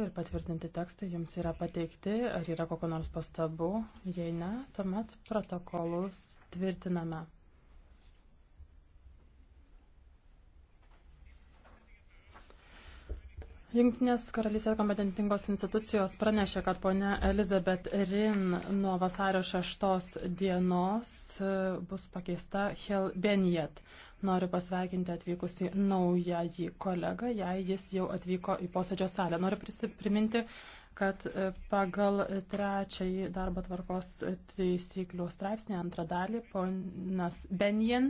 Ir patvirtinti tekstai jums yra pateikti, ar yra kokio nors pastabų, jei ne, tuomet protokolus tvirtiname. Junktinės karalystės kompetentingos institucijos pranešė, kad ponia Elizabeth Rin nuo vasario 6 dienos e, bus pakeista Hel Benjet. Noriu pasveikinti atvykusi naująjį kolegą, jei jis jau atvyko į posėdžio salę. Noriu priminti, kad e, pagal trečiąjį darbo tvarkos teisyklių straipsnį antrą dalį ponas Benjen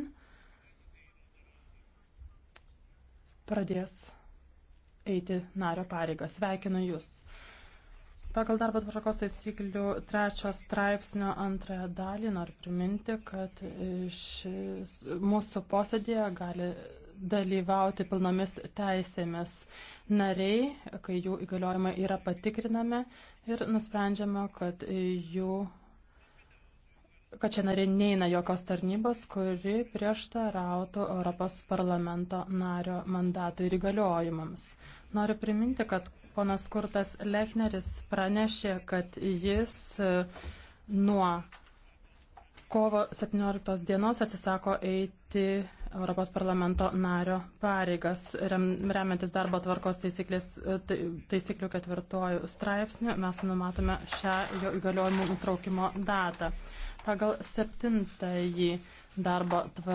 pradės eiti nario pareigas. Sveikinu Jūs. Pagal darbo tvarkos taisyklių trečio straipsnio antrąją dalį noriu priminti, kad šis, mūsų posėdėje gali dalyvauti pilnomis teisėmis nariai, kai jų įgaliojimai yra patikrinami ir nusprendžiama, kad jų kad čia nariai neina jokios tarnybos, kuri prieštarautų Europos parlamento nario mandatui ir įgaliojimams. Noriu priminti, kad ponas Kurtas Lechneris pranešė, kad jis e, nuo kovo 17 dienos atsisako eiti Europos parlamento nario pareigas. Remiantis darbo tvarkos e, tai-, taisyklių ketvirtojų straipsnių, mes numatome šią jo įgaliojimų nutraukimo datą pagal septintąjį darbo tvarkos